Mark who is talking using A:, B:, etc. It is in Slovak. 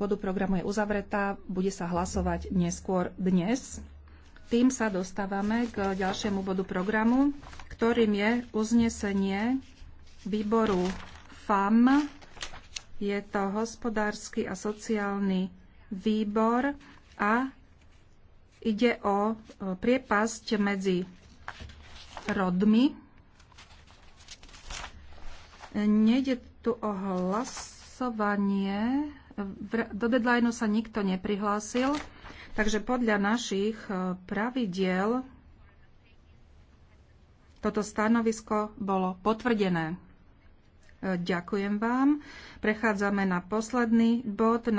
A: bodu programu je uzavretá, bude sa hlasovať neskôr dnes. Tým sa dostávame k ďalšiemu bodu programu, ktorým je uznesenie výboru FAM. Je to hospodársky a sociálny výbor a ide o priepasť medzi rodmi. Nejde tu o hlasovanie do deadline sa nikto neprihlásil, takže podľa našich e, pravidiel toto stanovisko bolo potvrdené. E, ďakujem vám. Prechádzame na posledný bod